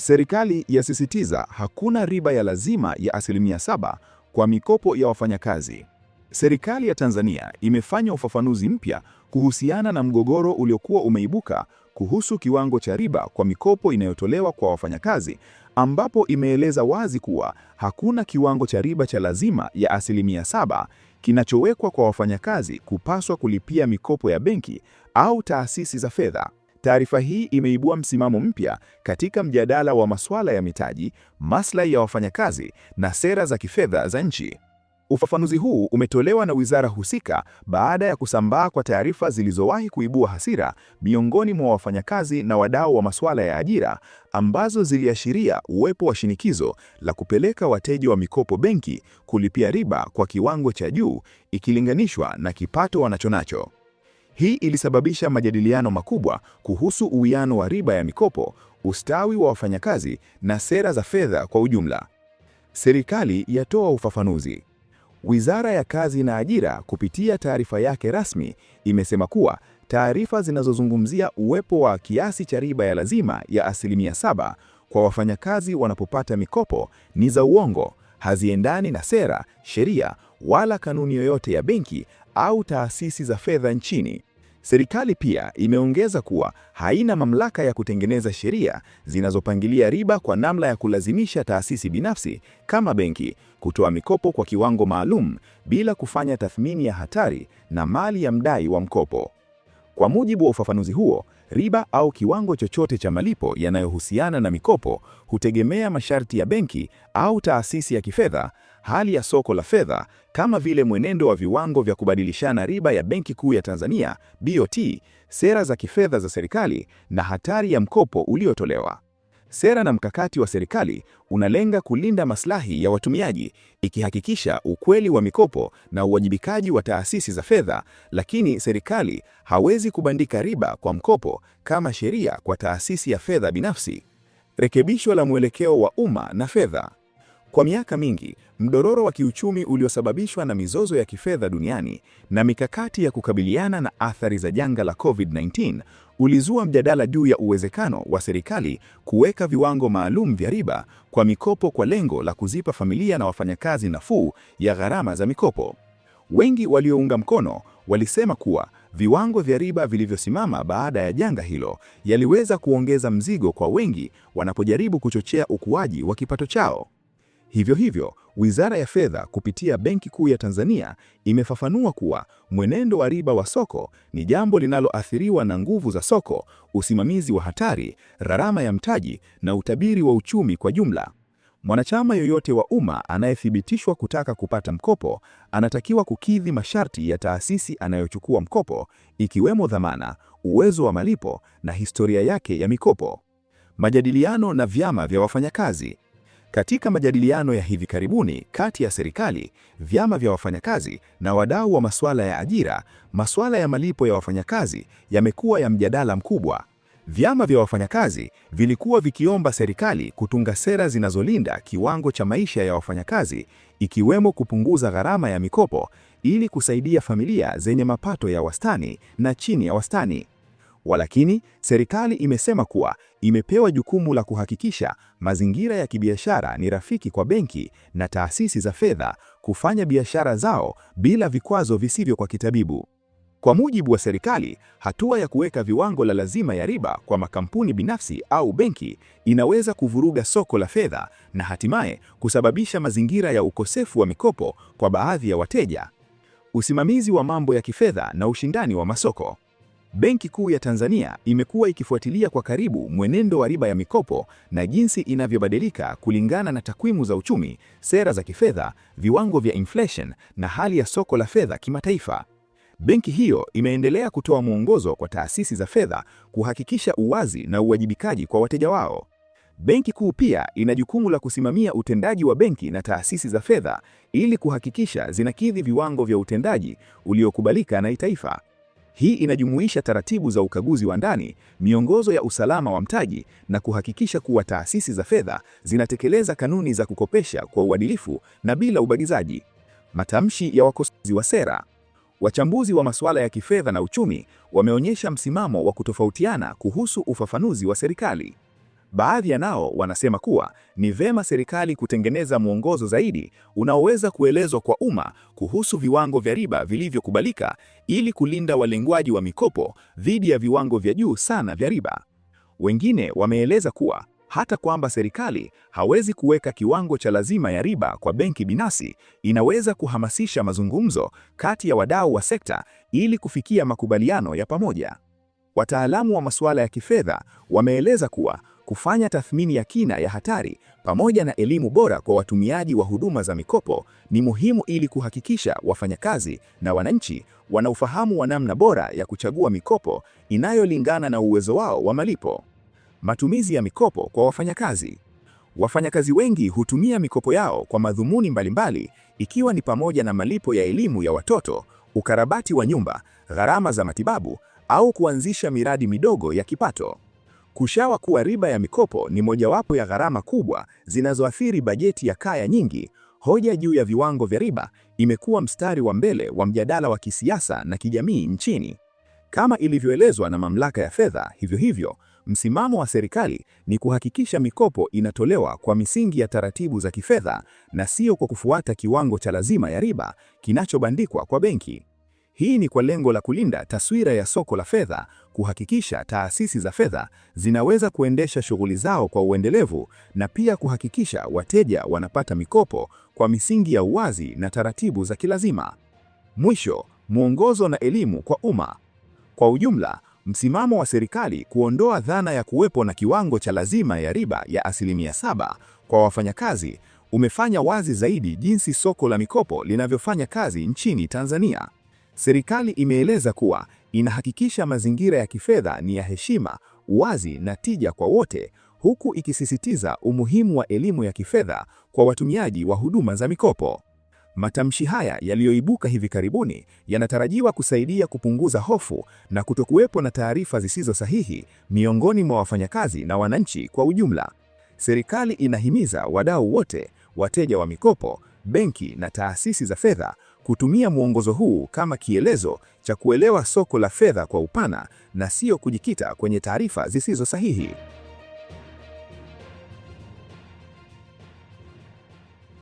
Serikali yasisitiza hakuna riba ya lazima ya asilimia saba kwa mikopo ya wafanyakazi. Serikali ya Tanzania imefanya ufafanuzi mpya kuhusiana na mgogoro uliokuwa umeibuka kuhusu kiwango cha riba kwa mikopo inayotolewa kwa wafanyakazi, ambapo imeeleza wazi kuwa hakuna kiwango cha riba cha lazima ya asilimia saba kinachowekwa kwa wafanyakazi kupaswa kulipia mikopo ya benki au taasisi za fedha. Taarifa hii imeibua msimamo mpya katika mjadala wa masuala ya mitaji, maslahi ya wafanyakazi na sera za kifedha za nchi. Ufafanuzi huu umetolewa na wizara husika baada ya kusambaa kwa taarifa zilizowahi kuibua hasira miongoni mwa wafanyakazi na wadau wa masuala ya ajira ambazo ziliashiria uwepo wa shinikizo la kupeleka wateja wa mikopo benki kulipia riba kwa kiwango cha juu ikilinganishwa na kipato wanachonacho. Hii ilisababisha majadiliano makubwa kuhusu uwiano wa riba ya mikopo, ustawi wa wafanyakazi na sera za fedha kwa ujumla. Serikali yatoa ufafanuzi. Wizara ya Kazi na Ajira kupitia taarifa yake rasmi imesema kuwa taarifa zinazozungumzia uwepo wa kiasi cha riba ya lazima ya asilimia saba kwa wafanyakazi wanapopata mikopo ni za uongo, haziendani na sera, sheria wala kanuni yoyote ya benki au taasisi za fedha nchini. Serikali pia imeongeza kuwa haina mamlaka ya kutengeneza sheria zinazopangilia riba kwa namna ya kulazimisha taasisi binafsi kama benki kutoa mikopo kwa kiwango maalum bila kufanya tathmini ya hatari na mali ya mdai wa mkopo. Kwa mujibu wa ufafanuzi huo, Riba au kiwango chochote cha malipo yanayohusiana na mikopo hutegemea masharti ya benki au taasisi ya kifedha, hali ya soko la fedha kama vile mwenendo wa viwango vya kubadilishana riba ya Benki Kuu ya Tanzania BOT, sera za kifedha za serikali na hatari ya mkopo uliotolewa. Sera na mkakati wa serikali unalenga kulinda maslahi ya watumiaji, ikihakikisha ukweli wa mikopo na uwajibikaji wa taasisi za fedha, lakini serikali hawezi kubandika riba kwa mkopo kama sheria kwa taasisi ya fedha binafsi. Rekebisho la mwelekeo wa umma na fedha. Kwa miaka mingi, mdororo wa kiuchumi uliosababishwa na mizozo ya kifedha duniani na mikakati ya kukabiliana na athari za janga la COVID-19 ulizua mjadala juu ya uwezekano wa serikali kuweka viwango maalum vya riba kwa mikopo kwa lengo la kuzipa familia na wafanyakazi nafuu ya gharama za mikopo. Wengi waliounga mkono walisema kuwa viwango vya riba vilivyosimama baada ya janga hilo yaliweza kuongeza mzigo kwa wengi wanapojaribu kuchochea ukuaji wa kipato chao. Hivyo hivyo, Wizara ya Fedha kupitia Benki Kuu ya Tanzania imefafanua kuwa mwenendo wa riba wa soko ni jambo linaloathiriwa na nguvu za soko, usimamizi wa hatari, gharama ya mtaji na utabiri wa uchumi kwa jumla. Mwanachama yoyote wa umma anayethibitishwa kutaka kupata mkopo anatakiwa kukidhi masharti ya taasisi anayochukua mkopo, ikiwemo dhamana, uwezo wa malipo na historia yake ya mikopo. Majadiliano na vyama vya wafanyakazi katika majadiliano ya hivi karibuni kati ya serikali, vyama vya wafanyakazi na wadau wa masuala ya ajira, masuala ya malipo ya wafanyakazi yamekuwa ya mjadala mkubwa. Vyama vya wafanyakazi vilikuwa vikiomba serikali kutunga sera zinazolinda kiwango cha maisha ya wafanyakazi, ikiwemo kupunguza gharama ya mikopo ili kusaidia familia zenye mapato ya wastani na chini ya wastani. Walakini, serikali imesema kuwa imepewa jukumu la kuhakikisha mazingira ya kibiashara ni rafiki kwa benki na taasisi za fedha kufanya biashara zao bila vikwazo visivyo kwa kitabibu. Kwa mujibu wa serikali, hatua ya kuweka viwango la lazima ya riba kwa makampuni binafsi au benki inaweza kuvuruga soko la fedha na hatimaye kusababisha mazingira ya ukosefu wa mikopo kwa baadhi ya wateja. Usimamizi wa mambo ya kifedha na ushindani wa masoko. Benki Kuu ya Tanzania imekuwa ikifuatilia kwa karibu mwenendo wa riba ya mikopo na jinsi inavyobadilika kulingana na takwimu za uchumi, sera za kifedha, viwango vya inflation na hali ya soko la fedha kimataifa. Benki hiyo imeendelea kutoa mwongozo kwa taasisi za fedha kuhakikisha uwazi na uwajibikaji kwa wateja wao. Benki Kuu pia ina jukumu la kusimamia utendaji wa benki na taasisi za fedha ili kuhakikisha zinakidhi viwango vya utendaji uliokubalika na taifa. Hii inajumuisha taratibu za ukaguzi wa ndani, miongozo ya usalama wa mtaji na kuhakikisha kuwa taasisi za fedha zinatekeleza kanuni za kukopesha kwa uadilifu na bila ubagizaji. Matamshi ya wakosoaji wa sera. Wachambuzi wa masuala ya kifedha na uchumi wameonyesha msimamo wa kutofautiana kuhusu ufafanuzi wa serikali. Baadhi ya nao wanasema kuwa ni vema serikali kutengeneza mwongozo zaidi unaoweza kuelezwa kwa umma kuhusu viwango vya riba vilivyokubalika ili kulinda walengwaji wa mikopo dhidi ya viwango vya juu sana vya riba. Wengine wameeleza kuwa hata kwamba serikali hawezi kuweka kiwango cha lazima ya riba kwa benki binafsi, inaweza kuhamasisha mazungumzo kati ya wadau wa sekta ili kufikia makubaliano ya pamoja. Wataalamu wa masuala ya kifedha wameeleza kuwa kufanya tathmini ya kina ya hatari pamoja na elimu bora kwa watumiaji wa huduma za mikopo ni muhimu ili kuhakikisha wafanyakazi na wananchi wana ufahamu wa namna bora ya kuchagua mikopo inayolingana na uwezo wao wa malipo. Matumizi ya mikopo kwa wafanyakazi. Wafanyakazi wengi hutumia mikopo yao kwa madhumuni mbalimbali ikiwa ni pamoja na malipo ya elimu ya watoto, ukarabati wa nyumba, gharama za matibabu au kuanzisha miradi midogo ya kipato. Kushawa kuwa riba ya mikopo ni mojawapo ya gharama kubwa zinazoathiri bajeti ya kaya nyingi. Hoja juu ya viwango vya riba imekuwa mstari wa mbele wa mjadala wa kisiasa na kijamii nchini. Kama ilivyoelezwa na Mamlaka ya Fedha, hivyo hivyo, msimamo wa serikali ni kuhakikisha mikopo inatolewa kwa misingi ya taratibu za kifedha na sio kwa kufuata kiwango cha lazima ya riba kinachobandikwa kwa benki. Hii ni kwa lengo la kulinda taswira ya soko la fedha, kuhakikisha taasisi za fedha zinaweza kuendesha shughuli zao kwa uendelevu na pia kuhakikisha wateja wanapata mikopo kwa misingi ya uwazi na taratibu za kilazima. Mwisho, mwongozo na elimu kwa umma. Kwa ujumla, msimamo wa serikali kuondoa dhana ya kuwepo na kiwango cha lazima ya riba ya asilimia saba kwa wafanyakazi umefanya wazi zaidi jinsi soko la mikopo linavyofanya kazi nchini Tanzania. Serikali imeeleza kuwa inahakikisha mazingira ya kifedha ni ya heshima, wazi na tija kwa wote, huku ikisisitiza umuhimu wa elimu ya kifedha kwa watumiaji wa huduma za mikopo. Matamshi haya yaliyoibuka hivi karibuni yanatarajiwa kusaidia kupunguza hofu na kutokuwepo na taarifa zisizo sahihi miongoni mwa wafanyakazi na wananchi kwa ujumla. Serikali inahimiza wadau wote, wateja wa mikopo benki na taasisi za fedha kutumia mwongozo huu kama kielezo cha kuelewa soko la fedha kwa upana na sio kujikita kwenye taarifa zisizo sahihi.